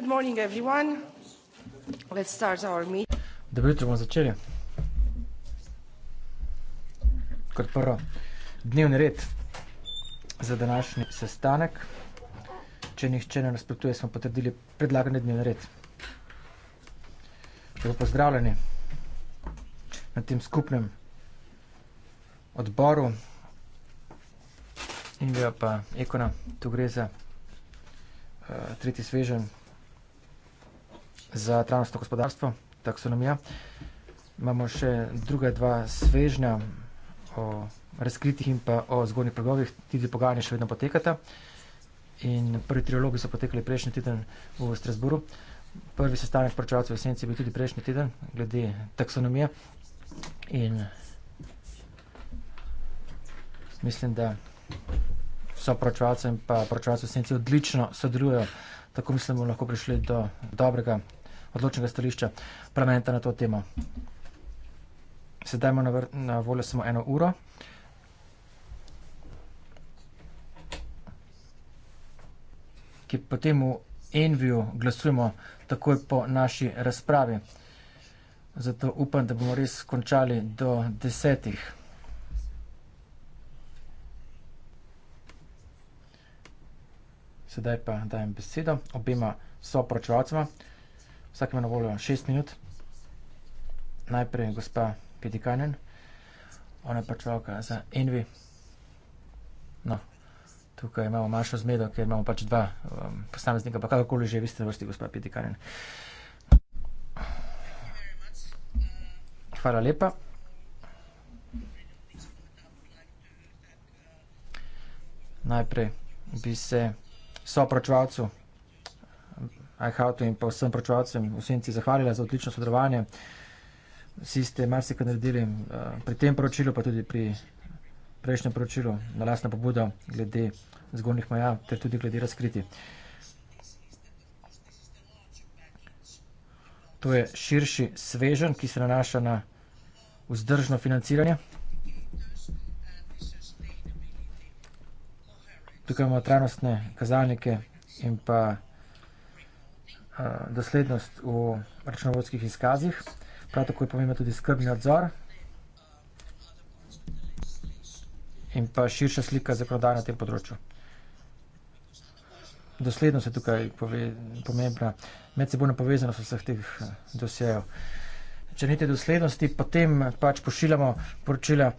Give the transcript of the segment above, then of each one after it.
Good morning, everyone. Let's start our meet- Dobro jutro bomo začeli. Kot prvo, dnevni red za današnji sestanek. Če nihče ne nasprotuje, smo potrdili predlagani dnevni red. Lepo pozdravljeni na tem skupnem odboru Invia pa Econa. Tu gre za, eh, tretji sveženj za transno gospodarstvo, taksonomija. Imamo še druga dva svežnja o razkritih in pa o zgornjih pregovih. Ti dve pogajanja še vedno potekata. In prvi trilogi so potekali prejšnji teden v Strasburu. Prvi sestanek poročevalcev v esenci je bil tudi prejšnji teden glede taksonomije. In mislim, da so poročevalce in pa poročevalce v esenci odlično sodelujejo. Tako mislim, da bomo lahko prišli do dobrega odločnega stališča parlamenta na to temo. Sedaj imamo na, na voljo samo eno uro. ki po temu enviju glasujemo takoj po naši razpravi. Zato upam, da bomo res končali do desetih. Sedaj pa dajem besedo obema soporočevalcema. Vsak ima na voljo 6 minut. Najprej je gospa Pitikanen, ona je pačevalka za Envy. No, tukaj imamo manjšo zmedo, ker imamo pač dva um, posameznika, pa kakorkoli že, vi ste vrsti gospa Pitikanen. Hvala lepa. Najprej bi se sopročevalcu iHautu in pa vsem pročevalcem v Senci zahvalila za odlično sodelovanje. Vsi ste marsikaj naredili eh, pri tem poročilu, pa tudi pri prejšnjem poročilu na lasno pobudo glede zgornjih maja ter tudi glede razkriti. To je širši svežen, ki se nanaša na vzdržno financiranje. Tukaj imamo trajnostne kazalnike in pa Eh, doslednost v računovodskih izkazih. Prav tako je pomembno tudi skrbni odzor in pa širša slika zakonodaje na tem področju. Doslednost je tukaj pomembna, medsebojna povezanost vseh teh eh, dosejev. Če nite doslednosti, potem pač pošiljamo poročila,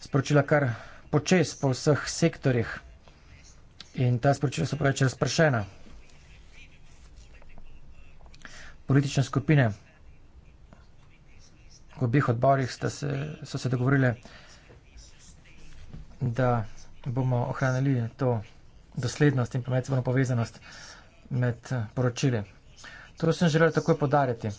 sporočila kar počes po vseh sektorjih in ta sporočila so preveč razpršena politične skupine. V obih odborih ste se, so se dogovorili, da bomo ohranili to doslednost in pa medsebojno povezanost med eh, poročili. To sem želel takoj podariti.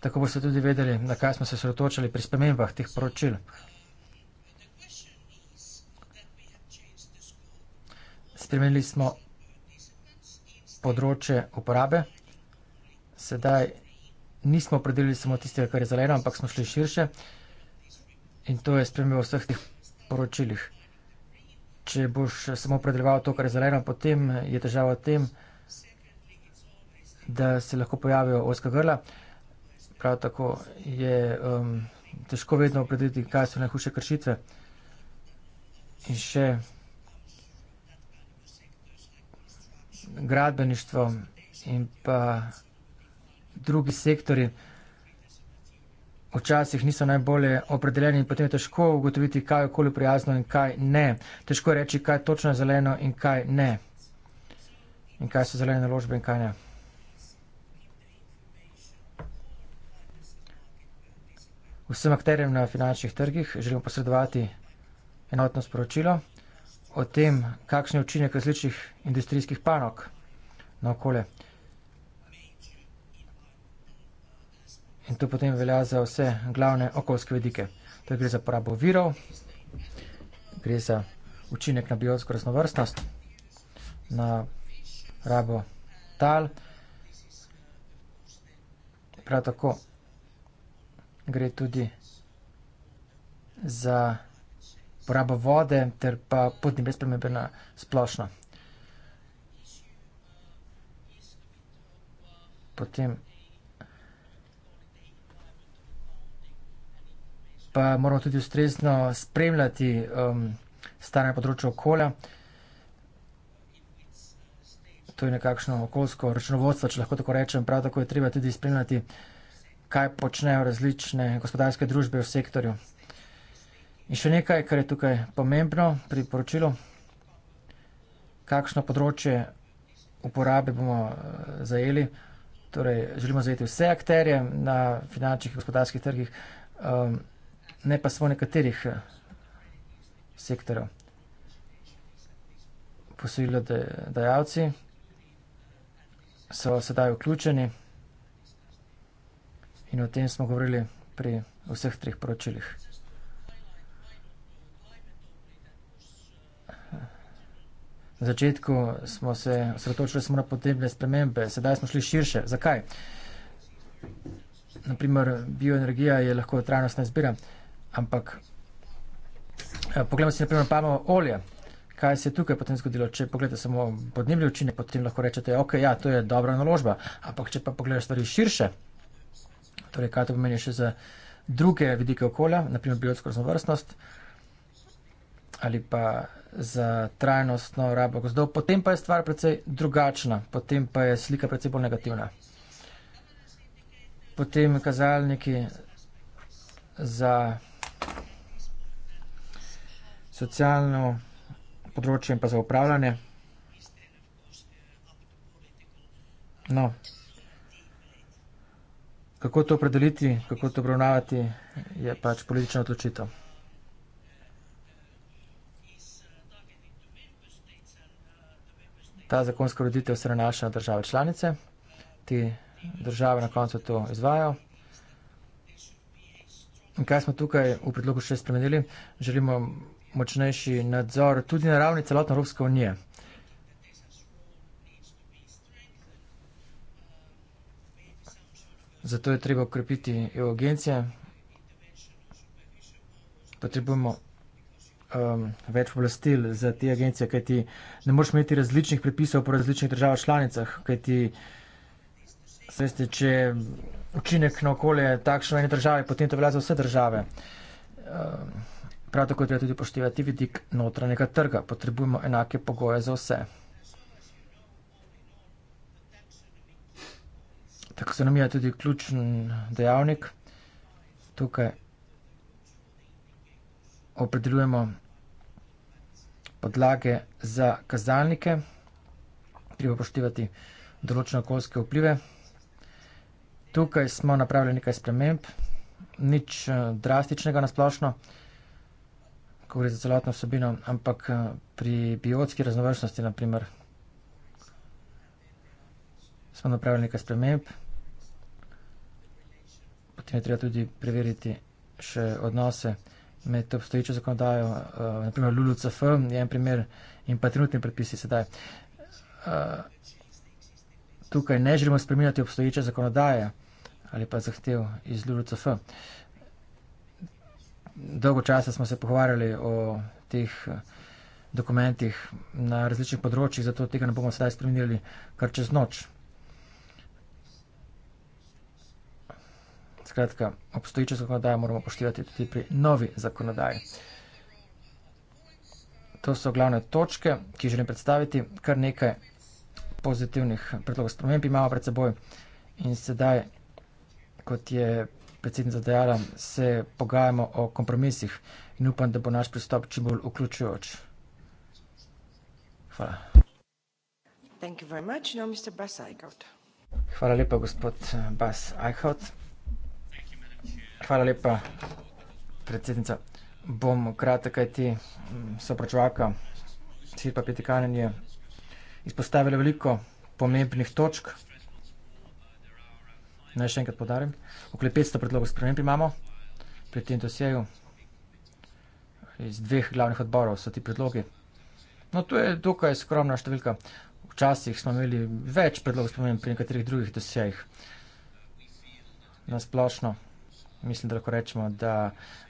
Tako boste tudi vedeli, na kaj smo se sredotočili pri spremembah teh poročil. Spremenili smo področje uporabe. Sedaj nismo opredelili samo tistega, kar je zeleno, ampak smo šli širše in to je spremljivo v vseh teh poročilih. Če boš samo predeljeval to, kar je zeleno, potem je težava v tem, da se lahko pojavijo oska grla. Prav tako je um, težko vedno opredeliti, kaj so najhujše kršitve. In še gradbeništvo in pa drugi sektori včasih niso najbolje opredeljeni in potem je težko ugotoviti, kaj je okolju prijazno in kaj ne. Težko je reči, kaj točno je zeleno in kaj ne. In kaj so zelene naložbe in kaj ne. Vsem akterjem na finančnih trgih želim posredovati enotno sporočilo o tem, kakšen je učinek različnih industrijskih panok na okolje. In to potem velja za vse glavne okoljske vedike. To gre za porabo virov, gre za učinek na biotsko raznovrstnost, na rabo tal, prav tako gre tudi za poraba vode ter pa podnebne spremembe na splošno. Potem pa moramo tudi ustrezno spremljati um, stanje področja okolja. To je nekakšno okoljsko računovodstvo, če lahko tako rečem. Prav tako je treba tudi spremljati, kaj počnejo različne gospodarske družbe v sektorju. In še nekaj, kar je tukaj pomembno pri poročilu, kakšno področje uporabe bomo eh, zajeli. Torej, želimo zajeti vse akterje na finančnih in gospodarskih trgih, ehm, ne pa samo nekaterih eh, sektorov. Posojilo dajalci so sedaj vključeni in o tem smo govorili pri vseh treh poročilih. Na začetku smo se osredotočili samo na potrebne spremembe, sedaj smo šli širše. Zakaj? Naprimer, bioenergija je lahko trajnostna izbira, ampak eh, poglejmo si naprimer palmovo olje. Kaj se je tukaj potem zgodilo? Če pogledate samo podnebni učinek, potem lahko rečete, ok, ja, to je dobra naložba, ampak če pa pogledate stvari širše, torej kaj to pomeni še za druge vidike okolja, naprimer biotsko raznovrstnost ali pa za trajnostno rabo gozdov. Potem pa je stvar precej drugačna, potem pa je slika precej bolj negativna. Potem kazalniki za socialno področje in pa za upravljanje. No. Kako to opredeliti, kako to obravnavati, je pač politična odločitev. ta zakonska roditev se nanaša na države članice. Ti države na koncu to izvajo. In kaj smo tukaj v predlogu še spremenili? Želimo močnejši nadzor tudi na ravni celotne Evropske unije. Zato je treba ukrepiti EU agencije. Potrebujemo um, več oblastil za te agencije, kajti ne moreš imeti različnih predpisov po različnih državah članicah, kajti veste, če učinek na okolje je takšen v eni državi, potem to velja za vse države. Um, prav tako treba tudi poštevati vidik notranjega trga. Potrebujemo enake pogoje za vse. Taksonomija je tudi ključen dejavnik. Tukaj opredeljujemo podlage za kazalnike, treba poštivati določene okoljske vplive. Tukaj smo napravili nekaj sprememb, nič eh, drastičnega nasplošno, ko gre za celotno vsebino, ampak eh, pri biotski raznovrstnosti, naprimer, smo napravili nekaj sprememb, potem je treba tudi preveriti še odnose vsebine, med obstoječo zakonodajo, uh, eh, naprimer LULUCF, je en primer in pa trenutni predpisi sedaj. Uh, tukaj ne želimo spremljati obstoječe zakonodaje ali pa zahtev iz LULUCF. Dolgo časa smo se pogovarjali o teh eh, dokumentih na različnih področjih, zato tega ne bomo sedaj spremenili kar čez noč. Skratka, obstoječa zakonodaja moramo poštivati tudi pri novi zakonodaji. To so glavne točke, ki želim predstaviti. Kar nekaj pozitivnih predlogov sprememb imamo pred seboj. In sedaj, kot je predsednica dejala, se pogajamo o kompromisih in upam, da bo naš pristop čim bolj vključujoč. Hvala. Hvala lepa, gospod Bas Eichhout. Hvala lepa, predsednica. Bom kratek, kaj ti mm, sopračovaka Sirpa Petikanen je izpostavila veliko pomembnih točk. Naj še enkrat podarim. Okoli 500 predlogov sprememb imamo pri tem dosjeju. Iz dveh glavnih odborov so ti predlogi. No, to je dokaj skromna številka. Včasih smo imeli več predlogov sprememb pri nekaterih drugih dosjejih. Na splošno mislim, da lahko rečemo, da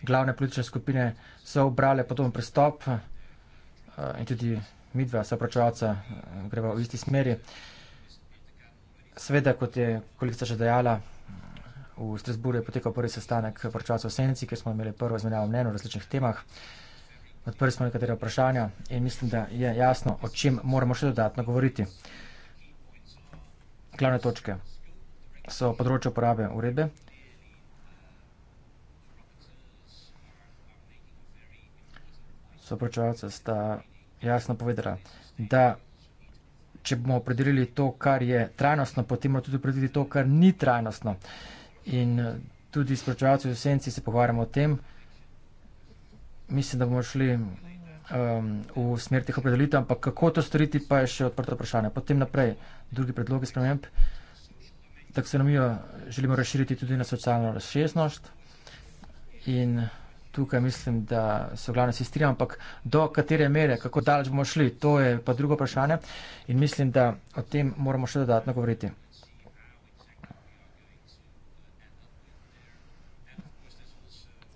glavne politične skupine so obrale podoben pristop eh, in tudi midva sopračevalca eh, greva v isti smeri. Sveda, kot je kolikica že dejala, v Strasburu je potekal prvi sestanek pračevalcev v Senci, kjer smo imeli prvo izmenjavo mnen v različnih temah. Odprli smo nekatere vprašanja in mislim, da je jasno, o čem moramo še dodatno govoriti. Glavne točke so področje uporabe uredbe, soopračevalca sta jasno povedala, da če bomo opredelili to, kar je trajnostno, potem moramo tudi opredeliti to, kar ni trajnostno. In eh, tudi s proučevalci v senci se pogovarjamo o tem. Mislim, da bomo šli um, v smer teh opredelitev, ampak kako to storiti, pa je še odprto vprašanje. Potem naprej, drugi predlogi sprememb. Taksonomijo želimo razširiti tudi na socialno razšestnost in tukaj mislim, da se v glavnem vsi strinjamo, ampak do katere mere, kako daleč bomo šli, to je pa drugo vprašanje in mislim, da o tem moramo še dodatno govoriti.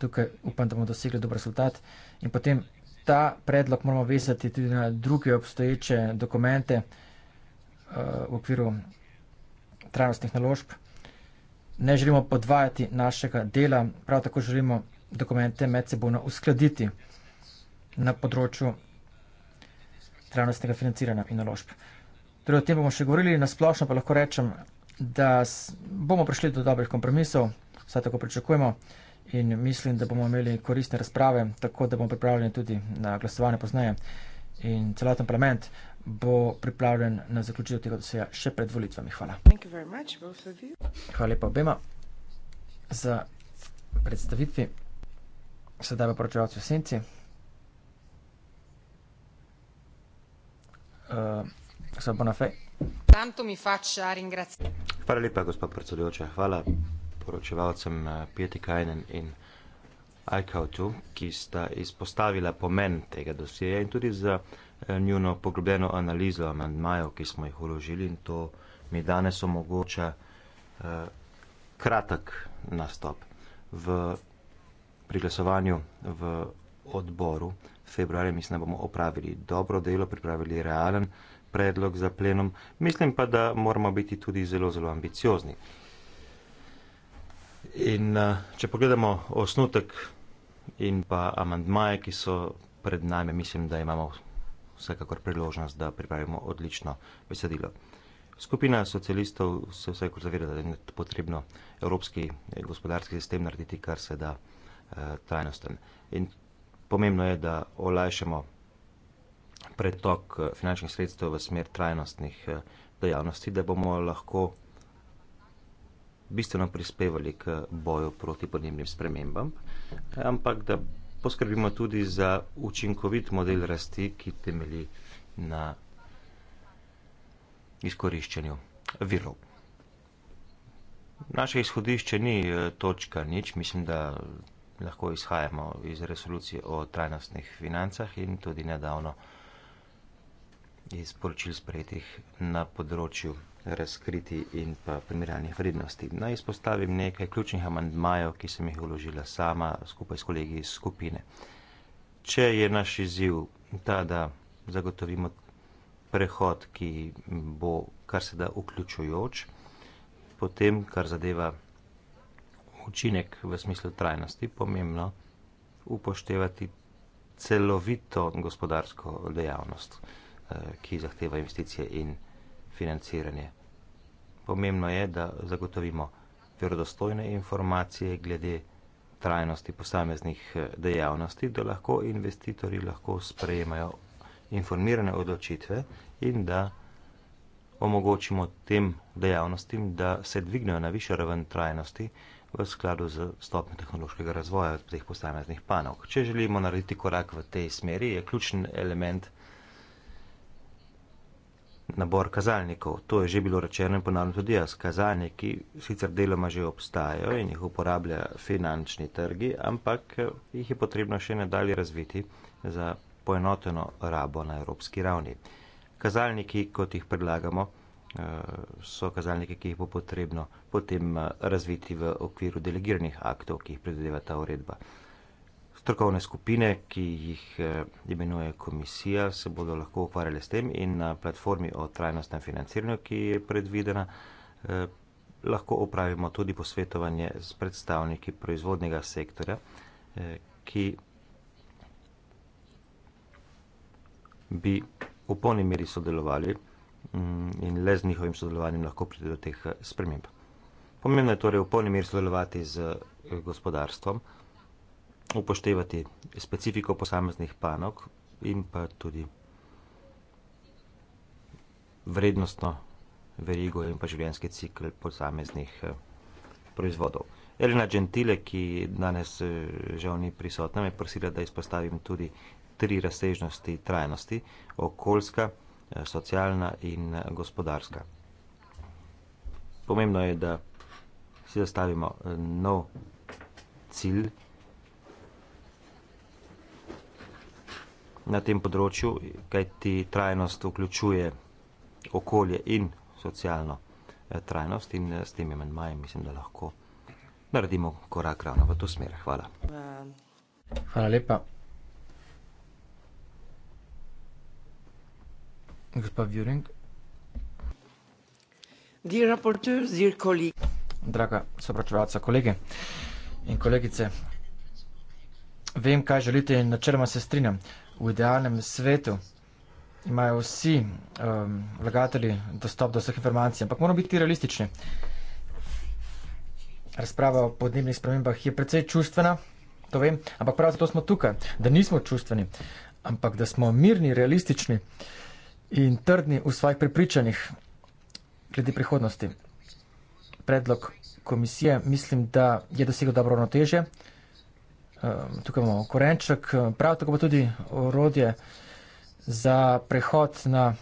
Tukaj upam, da bomo dosegli dober rezultat in potem ta predlog moramo vezati tudi na druge obstoječe dokumente uh, v okviru trajnostnih naložb. Ne želimo podvajati našega dela, prav tako želimo dokumente medsebojno uskladiti na področju trajnostnega financiranja in naložb. Torej, o tem bomo še govorili, nasplošno pa lahko rečem, da bomo prišli do dobrih kompromisov, vsaj tako pričakujemo in mislim, da bomo imeli koristne razprave, tako da bomo pripravljeni tudi na glasovanje poznaje in celoten parlament bo pripravljen na zaključitev tega doseja še pred volitvami. Hvala. Hvala lepa obema za predstavitvi se tebe pročevalci v senci. Uh, eh, se bo na fej. Tanto mi faccia ringrazio. Hvala lepa, gospod predsedujoča. Hvala poročevalcem eh, Pieti Kajnen in Aikautu, ki sta izpostavila pomen tega dosjeja in tudi za eh, njuno poglobljeno analizo amandmajev, ki smo jih uložili in to mi danes omogoča uh, kratek nastop. V pri glasovanju v odboru februarja, mislim, da bomo opravili dobro delo, pripravili realen predlog za plenom, mislim pa, da moramo biti tudi zelo, zelo ambiciozni. In eh, če pogledamo osnutek in pa amandmaje, ki so pred nami, mislim, da imamo vsekakor priložnost, da pripravimo odlično besedilo. Skupina socialistov se vsekakor zavira, da je potrebno evropski gospodarski sistem narediti, kar se da trajnosten. In pomembno je, da olajšamo pretok eh, finančnih sredstev v smer trajnostnih eh, dejavnosti, da bomo lahko bistveno prispevali k boju proti podnebnim spremembam, eh, ampak da poskrbimo tudi za učinkovit model rasti, ki temeli na izkoriščanju virov. Naše izhodišče ni točka nič, mislim, da lahko izhajamo iz resolucije o trajnostnih financah in tudi nedavno iz poročil sprejetih na področju razkriti in pa primerjalnih vrednosti. Naj izpostavim nekaj ključnih amandmajev, ki sem jih uložila sama skupaj s kolegi iz skupine. Če je naš izziv ta, da zagotovimo prehod, ki bo kar se da vključujoč, potem, kar zadeva učinek v smislu trajnosti pomembno upoštevati celovito gospodarsko dejavnost, eh, ki zahteva investicije in financiranje. Pomembno je, da zagotovimo verodostojne informacije glede trajnosti posameznih eh, dejavnosti, da lahko investitorji lahko sprejemajo informirane odločitve in da omogočimo tem dejavnostim, da se dvignejo na višjo raven trajnosti, v skladu z stopnjo tehnološkega razvoja teh posameznih panov. Če želimo narediti korak v tej smeri, je ključen element nabor kazalnikov. To je že bilo rečeno in ponavljam tudi jaz. Kazalniki sicer deloma že obstajajo in jih uporablja finančni trgi, ampak eh, jih je potrebno še nadalje razviti za poenoteno rabo na evropski ravni. Kazalniki, kot jih predlagamo, Eh, so kazalniki, ki jih bo potrebno potem eh, razviti v okviru delegiranih aktov, ki jih predvideva ta uredba. Strokovne skupine, ki jih eh, imenuje komisija, se bodo lahko ukvarjale s tem in na platformi o trajnostnem financiranju, ki je predvidena, lahko opravimo tudi posvetovanje s predstavniki proizvodnega sektorja, ki bi v polni meri sodelovali Mm, in le z njihovim sodelovanjem lahko pride do teh eh, sprememb. Pomembno je torej v polni meri sodelovati z eh, gospodarstvom, upoštevati specifiko posameznih panog in pa tudi vrednostno verigo in pa življenjski cikl posameznih eh, proizvodov. Elena Gentile, ki danes žal ni prisotna, me je prosila, da izpostavim tudi tri razsežnosti trajnosti, okoljska, Eh, socialna in eh, gospodarska. Pomembno je, da si zastavimo eh, nov cilj na tem področju, kaj ti trajnost vključuje okolje in socialno trajnost in s tem imenmajem mislim, da lahko naredimo korak ravno v to smer. Hvala. Hvala lepa. Gospa Vjuring. Draga sopračevalca, kolegi in kolegice, vem, kaj želite in načeloma se strinjam. V idealnem svetu imajo vsi um, vlagatelji dostop do vseh informacij, ampak moramo biti realistični. Razprava o podnebnih spremembah je precej čustvena, to vem, ampak prav zato smo tukaj, da nismo čustveni, ampak da smo mirni, realistični in trdni v svojih prepričanjih glede prihodnosti. Predlog komisije mislim, da je dosegel dobro ravnotežje. Ehm, tukaj imamo korenček, ehm, prav tako pa tudi orodje za prehod na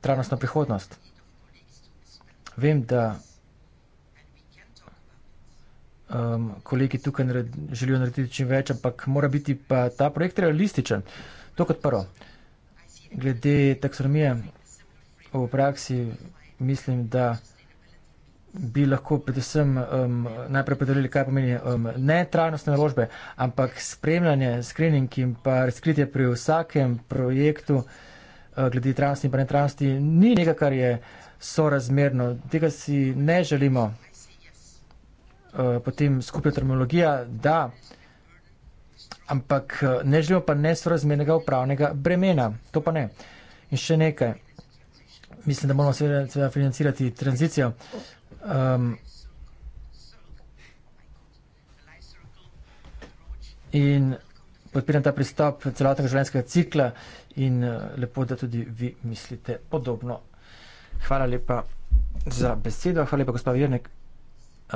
trajnostno prihodnost. Vem, da um, kolegi tukaj naredi, želijo narediti čim več, ampak mora biti pa ta projekt realističen. To kot prvo glede taksonomije v praksi mislim, da bi lahko predvsem um, najprej podarili, kaj pomeni um, ne trajnostne naložbe, ampak spremljanje, screening in pa razkritje pri vsakem projektu uh, glede trajnosti in pa netrajnosti ni nekaj, kar je sorazmerno. Tega si ne želimo. Uh, potem skupna terminologija, da uh, ampak eh, ne želimo pa nesorazmernega upravnega bremena. To pa ne. In še nekaj. Mislim, da moramo seveda, seveda financirati tranzicijo. Um, in podpiram ta pristop celotnega življenjskega cikla in eh, lepo, da tudi vi mislite podobno. Hvala lepa za besedo. Hvala lepa, eh, gospod Virnek,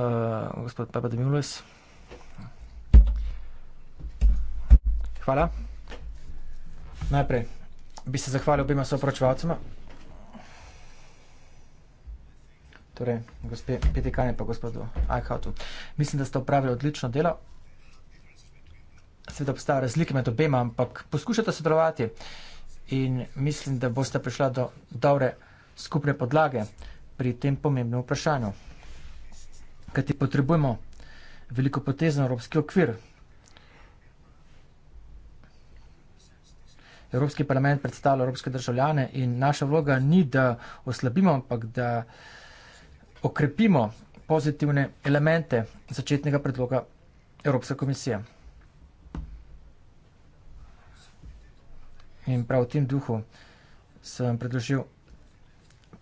uh, gospod Papa Demiulis. Hvala. Najprej bi se zahvalil obima soopročevalcema. Torej, gospe Petikane pa gospodu Eichhautu. Mislim, da ste opravili odlično delo. Seveda obstajajo razlike med obema, ampak poskušate sodelovati in mislim, da boste prišla do dobre skupne podlage pri tem pomembnem vprašanju. Kajti potrebujemo veliko potezno evropski okvir, Evropski parlament predstavlja evropske državljane in naša vloga ni, da oslabimo, ampak da okrepimo pozitivne elemente začetnega predloga Evropske komisije. In prav v tem duhu sem predložil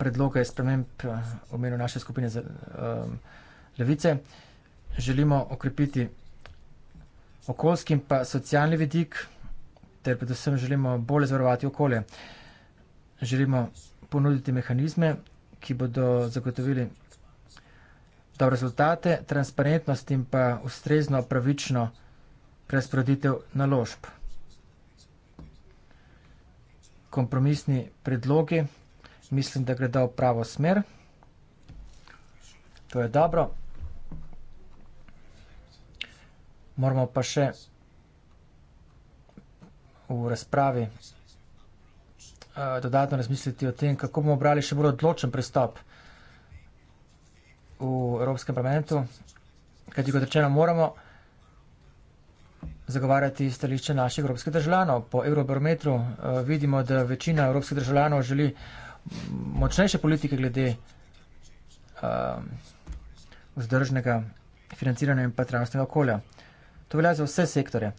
predloge sprememb eh, v imenu naše skupine za, um, Levice. Želimo okrepiti okoljski in pa socialni vidik ter predvsem želimo bolje zavarovati okolje. Želimo ponuditi mehanizme, ki bodo zagotovili dobre rezultate, transparentnost in pa ustrezno pravično razporeditev naložb. Kompromisni predlogi mislim, da gredo v pravo smer. To je dobro. Moramo pa še v razpravi eh, dodatno razmisliti o tem, kako bomo brali še bolj odločen pristop v Evropskem parlamentu, kajti kot rečeno moramo zagovarjati stališče naših evropskih državljanov. Po Eurobarometru eh, vidimo, da večina evropskih državljanov želi močnejše politike glede eh, vzdržnega financiranja in pa trajnostnega okolja. To velja za vse sektore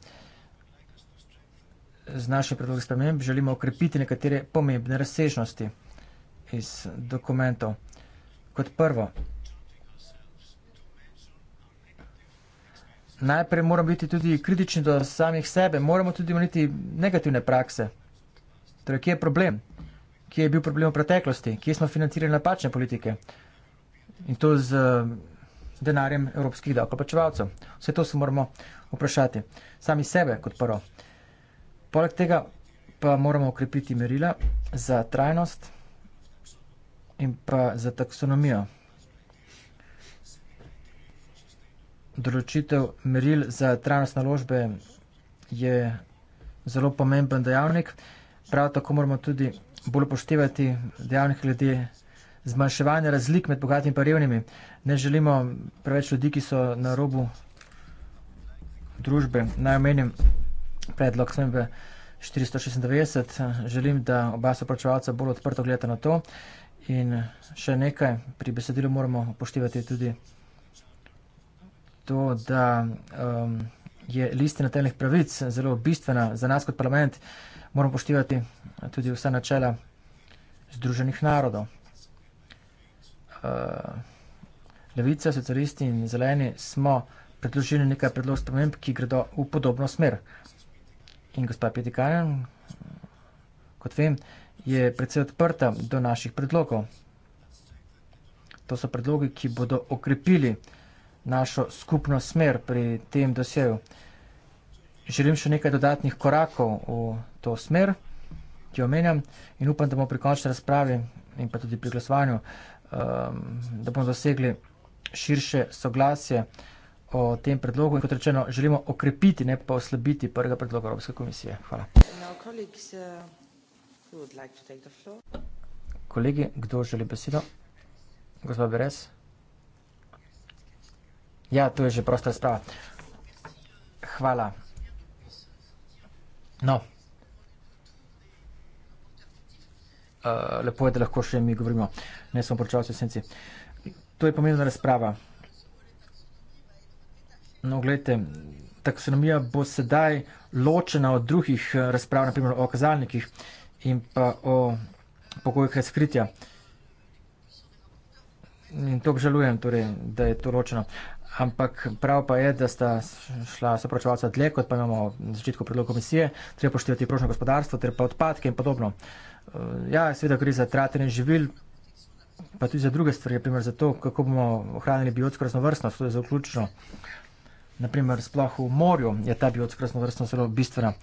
z našim predlogom sprememb želimo okrepiti nekatere pomembne razsežnosti iz dokumentov. Kot prvo, najprej moramo biti tudi kritični do samih sebe, moramo tudi omeniti negativne prakse. Torej, kje je problem? Kje je bil problem v preteklosti? Kje smo financirali napačne politike? In to z denarjem evropskih davkoplačevalcev. Vse to se moramo vprašati. Sami sebe kot prvo. Poleg tega pa moramo ukrepiti merila za trajnost in pa za taksonomijo. Določitev meril za trajnost naložbe je zelo pomemben dejavnik. Prav tako moramo tudi bolj poštevati dejavnik glede zmanjševanja razlik med bogatimi in revnimi. Ne želimo preveč ljudi, ki so na robu družbe. Naj omenim, predlog smembe 496. Želim, da oba soporočevalca bolj odprto gledata na to. In še nekaj, pri besedilu moramo upoštevati tudi to, da um, je listina telnih pravic zelo bistvena za nas kot parlament. Moramo upoštevati tudi vsa načela Združenih narodov. Uh, Levica, socialisti in zeleni smo predložili nekaj predlogov sprememb, ki gredo v podobno smer. In gospa Pitikajan, kot vem, je predvsej odprta do naših predlogov. To so predlogi, ki bodo okrepili našo skupno smer pri tem doseju. Želim še nekaj dodatnih korakov v to smer, ki jo menjam in upam, da bomo pri končni razpravi in pa tudi pri glasovanju, um, da bomo dosegli širše soglasje o tem predlogu in kot rečeno, želimo okrepiti, ne pa oslabiti prvega predloga Evropske komisije. Hvala. Uh, Kolegi, kdo želi besedo? Gospod Beres? Ja, to je že prosta razprava. Hvala. No. Uh, lepo je, da lahko še mi govorimo. Ne smo poročavci v senci. To je pomembna razprava. No, gledajte, taksonomija bo sedaj ločena od drugih eh, razprav, naprimer o kazalnikih in pa o pokojih razkritja. In to obžalujem, torej, da je to ločeno. Ampak prav pa je, da sta šla sopračevalca dlje, kot pa imamo na začetku predlog komisije, treba poštevati prožno gospodarstvo, ter pa odpadke in podobno. Eh, ja, seveda gre za tratene živil, pa tudi za druge stvari, primer za to, kako bomo ohranili biotsko raznovrstnost, to je zaključno naprimer sploh v morju, je ta biotska raznovrstnost zelo bistvena.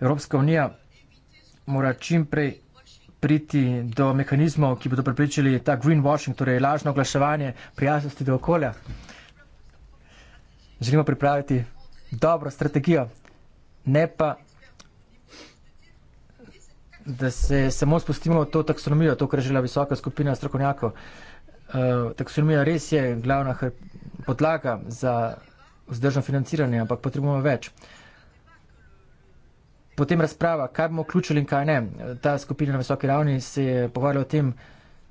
Evropska unija mora čim prej priti do mehanizmov, ki bodo pripričali ta greenwashing, torej lažno oglaševanje prijaznosti do okolja. Želimo pripraviti dobro strategijo, ne pa, da se samo spustimo v to taksonomijo, to, kar je žela visoka skupina strokovnjakov. Eh, taksonomija res je glavna podlaga za vzdržno financiranje, ampak potrebujemo več. Potem razprava, kaj bomo vključili in kaj ne. Ta skupina na visoki ravni se je pogovarjala o tem,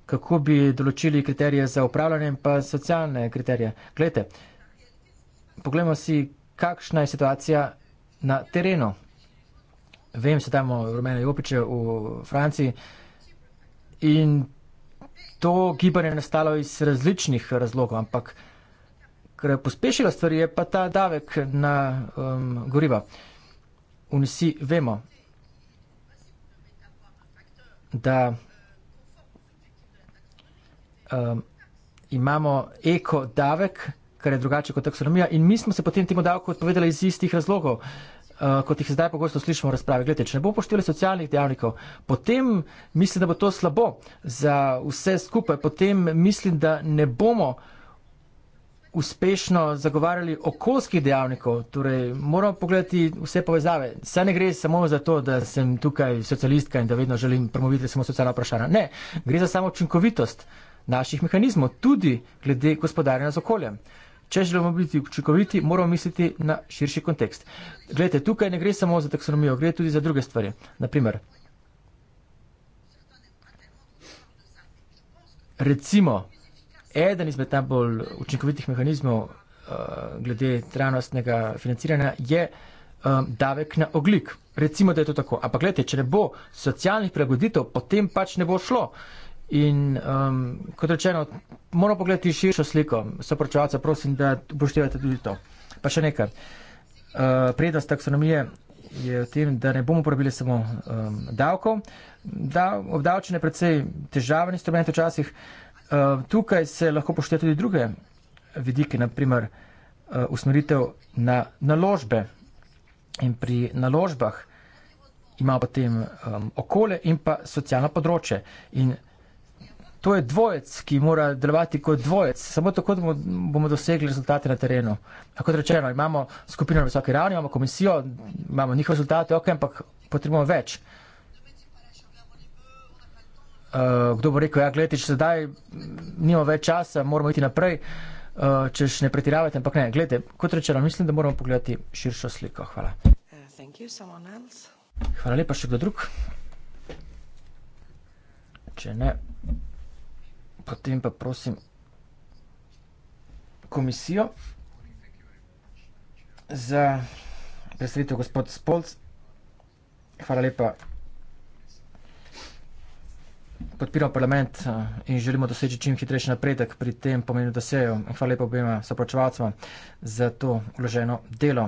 kako bi določili kriterije za upravljanje in pa socialne kriterije. Glejte, poglejmo si, kakšna je situacija na terenu. Vem, se tamo rumene jopiče v Franciji in to gibanje nastalo iz različnih razlogov, ampak kar je pospešilo stvari, je pa ta davek na um, goriva. In vsi vemo, da um, imamo eko davek, kar je drugače kot taksonomija, in mi smo se potem temu davku odpovedali iz istih razlogov. Uh, Eh, kot jih zdaj pogosto slišimo v razpravi. Gledajte, če ne bo poštevali socialnih dejavnikov, potem mislim, da bo to slabo za vse skupaj, potem mislim, da ne bomo uspešno zagovarjali okoljskih dejavnikov, torej moramo pogledati vse povezave. Saj ne gre samo za to, da sem tukaj socialistka in da vedno želim promovirati samo socialna vprašanja. Ne, gre za samo učinkovitost naših mehanizmov, tudi glede gospodarjanja z okoljem. Uh, Če želimo biti učinkoviti, moramo misliti na širši kontekst. Glede, tukaj ne gre samo za taksonomijo, gre tudi za druge stvari. Naprimer, recimo, eden izmed najbolj učinkovitih mehanizmov uh, glede trajnostnega financiranja je um, davek na oglik. Recimo, da je to tako. Ampak, glede, če ne bo socialnih pregoditev, potem pač ne bo šlo. Uh, In um, kot rečeno, moramo pogledati širšo sliko. Soprčevalce, prosim, da upoštevate tudi to. Pa še nekaj. Uh, prednost taksonomije je v tem, da ne bomo porabili samo um, davkov. Da, obdavčen je predvsej težaven instrument včasih. Uh, tukaj se lahko pošteje tudi druge vidike, naprimer uh, usmeritev na naložbe. In pri naložbah ima potem um, okolje in pa socijalno področje. In to je dvojec, ki mora delovati kot dvojec. Samo tako bomo, bomo dosegli rezultate na terenu. Kot rečeno, imamo skupino na visoki ravni, imamo komisijo, imamo njihove rezultate, ok, ampak potrebujemo več. Uh, kdo bo rekel, ja, gledajte, če sedaj nimamo več časa, moramo iti naprej, uh, eh, če še ne pretiravate, ampak ne, gledajte, kot rečeno, mislim, da moramo pogledati širšo sliko. Hvala. Eh, Hvala lepa, še kdo drug? Če ne potem pa prosim komisijo za predstavitev gospod Spolc. Hvala lepa. Podpiramo parlament eh, in želimo doseči čim hitrejši napredek pri tem pomenu dosejo. Hvala lepa obema sopračevalcema za to vloženo delo.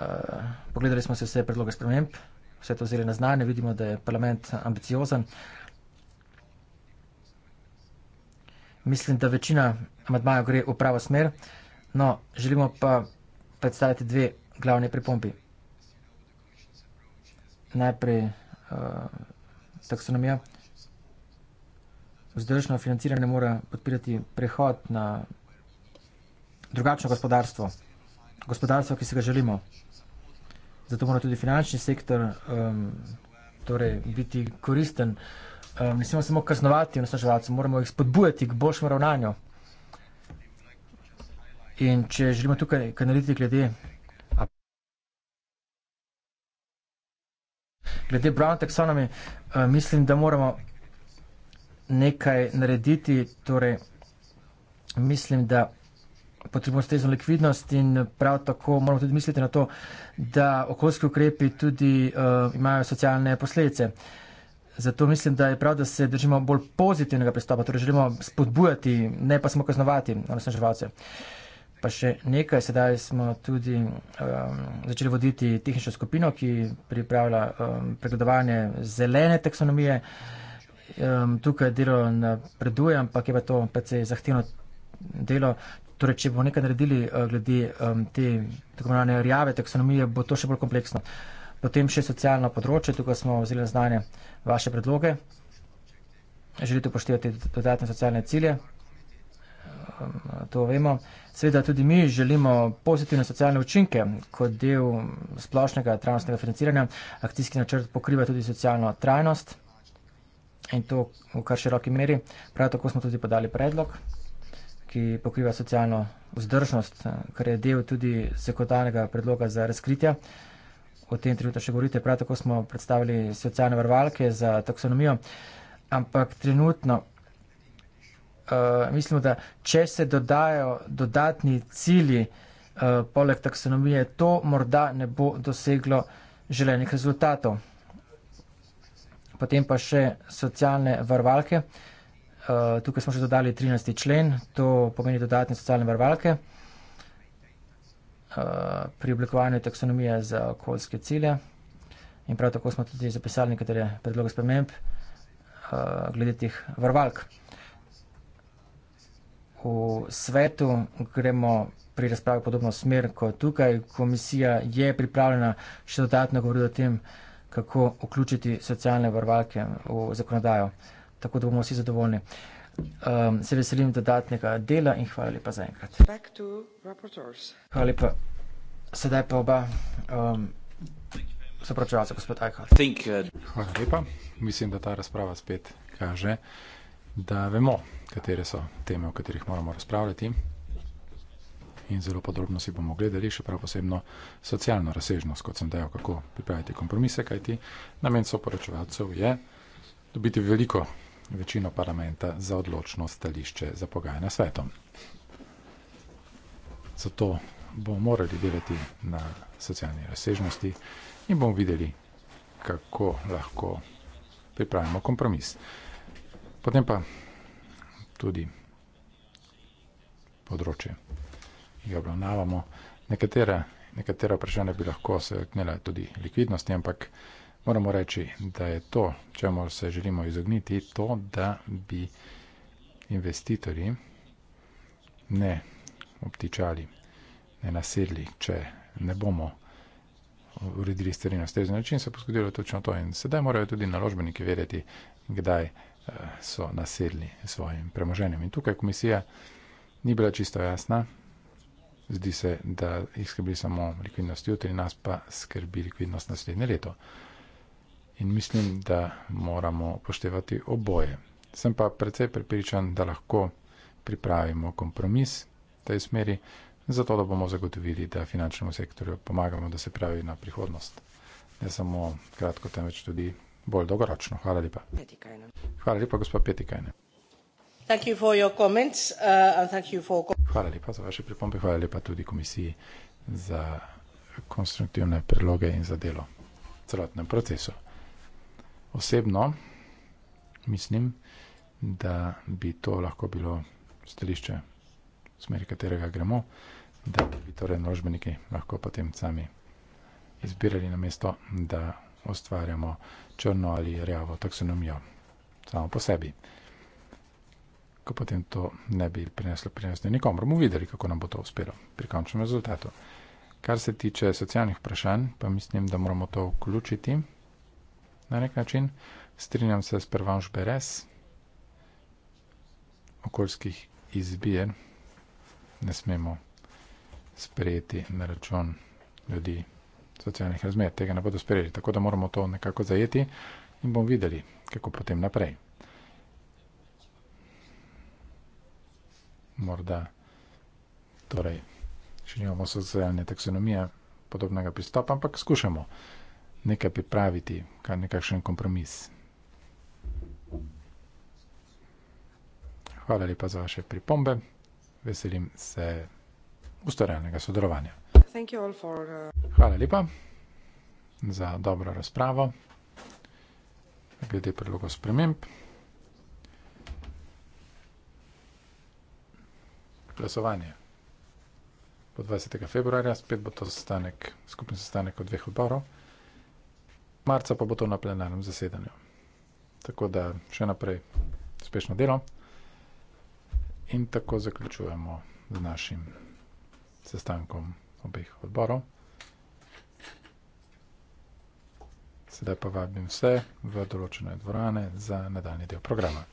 Eh, pogledali smo se vse predloge sprememb, vse to vzeli na znanje, vidimo, da je parlament ambiciozen. mislim, da večina amadmajev gre v pravo smer, no želimo pa predstaviti dve glavne pripompi. Najprej eh, taksonomija. Vzdržno financiranje mora podpirati prehod na drugačno gospodarstvo, gospodarstvo, ki se ga želimo. Zato mora tudi finančni sektor ehm, torej biti koristen vzdržno financiranje um, ne smemo samo kaznovati onesnaževalce, moramo jih spodbujati k boljšemu ravnanju. In če želimo tukaj kanaliti glede. Glede Brown taxonomy, mislim, da moramo nekaj narediti. Torej, mislim, da potrebujemo stezno likvidnost in prav tako moramo tudi misliti na to, da okoljski ukrepi tudi uh, imajo socialne posledice. Uh, Zato mislim, da je prav, da se držimo bolj pozitivnega pristopa, torej želimo spodbujati, ne pa samo kaznovati, odnosno žrvalce. Pa še nekaj, sedaj smo tudi um, začeli voditi tehnično skupino, ki pripravlja um, pregledovanje zelene taksonomije. Um, tukaj delo napreduje, ampak je pa to precej zahtevno delo. Torej, če bomo nekaj naredili uh, glede um, te tako imenovane rjave taksonomije, bo to še bolj kompleksno. Uh, Potem še socialno področje, tukaj smo vzeli znanje vaše predloge. Želite upoštevati dodatne socialne cilje? Ehm, to vemo. Sveda tudi mi želimo pozitivne socialne učinke kot del splošnega trajnostnega financiranja. Akcijski načrt pokriva tudi socialno trajnost in to v kar široki meri. Prav tako smo tudi podali predlog, ki pokriva socialno vzdržnost, kar je del tudi zakodanega predloga za razkritja o tem trenutno še govorite. Prav tako smo predstavili socialne varovalke za taksonomijo, ampak trenutno uh, mislimo, da če se dodajo dodatni cilji uh, poleg taksonomije, to morda ne bo doseglo želenih rezultatov. Potem pa še socialne varovalke. Uh, tukaj smo še dodali 13. člen, to pomeni dodatne socialne varovalke. Eh, pri oblikovanju taksonomije za okoljske cilje in prav tako smo tudi zapisali nekatere predloge sprememb eh, glede tih varvalk. V svetu gremo pri razpravi podobno smer kot tukaj. Komisija je pripravljena še dodatno govoriti o tem, kako vključiti socialne varvalke v zakonodajo, tako da bomo vsi zadovoljni. Um, se veselim dodatnega dela in hvala lepa za enkrat. Hvala lepa. Sedaj pa oba. Um, ehm, Sopravčeval se gospod Eichhardt. Uh, hvala lepa. Mislim, da ta razprava spet kaže, da vemo, katere so teme, o katerih moramo razpravljati. In zelo podrobno si bomo gledali, še prav posebno socialno razsežnost, kot sem dejal, kako pripraviti kompromise, kajti namen soporočevalcev je dobiti veliko večino parlamenta za odločno stališče za pogajanja svetom. Zato bomo morali delati na socialni razsežnosti in bomo videli, kako lahko pripravimo kompromis. Potem pa tudi področje, ki ga obravnavamo. Nekatera, nekatera vprašanja bi lahko se vrnila tudi likvidnosti, ampak Moramo reči, da je to, čemu se želimo izogniti, to, da bi investitorji ne obtičali, ne nasedli, če ne bomo uredili stvari na ustrezni način, se poskudilo točno to in sedaj morajo tudi naložbeniki vedeti, kdaj eh, so nasedli svojim premoženjem. In tukaj komisija ni bila čisto jasna, zdi se, da jih skrbi samo likvidnost jutri, nas pa skrbi likvidnost naslednje leto. In mislim, da moramo upoštevati oboje. Sem pa precej pripričan, da lahko pripravimo kompromis v tej smeri, zato da bomo zagotovili, da finančnemu sektorju pomagamo, da se pravi na prihodnost. Ne samo kratko, temveč tudi bolj dolgoročno. Hvala lepa. Hvala lepa, gospa Petikajne. Uh, hvala lepa za vaše pripombe, hvala lepa tudi komisiji za konstruktivne predloge in za delo v celotnem procesu osebno mislim, da bi to lahko bilo stališče, v smeri katerega gremo, da bi torej naložbeniki lahko potem sami izbirali na mesto, da ustvarjamo črno ali rjavo taksonomijo samo po sebi. Ko potem to ne bi prineslo prineslo nikomor, bomo videli, kako nam bo to uspelo pri končnem rezultatu. Kar se tiče socialnih vprašanj, pa mislim, da moramo to vključiti na nek način. Strinjam se s prvanš beres okoljskih izbir. Ne smemo sprejeti na račun ljudi socialnih razmer. Tega ne bodo sprejeli, tako da moramo to nekako zajeti in bomo videli, kako potem naprej. Morda torej, še nimamo socialne taksonomije podobnega pristopa, ampak skušamo nekaj pripraviti, nekakšen kompromis. Hvala lepa za vaše pripombe. Veselim se ustvarjalnega sodelovanja. Uh, Hvala lepa za dobro razpravo glede predlogov sprememb. Glasovanje. Po 20. februarja spet bo to sestanek, skupni sestanek od dveh odborov marca pa bo to na plenarnem zasedanju. Tako da še naprej uspešno delo in tako zaključujemo z našim sestankom obeh odborov. Sedaj pa vabim vse v določene dvorane za nadaljni del programa.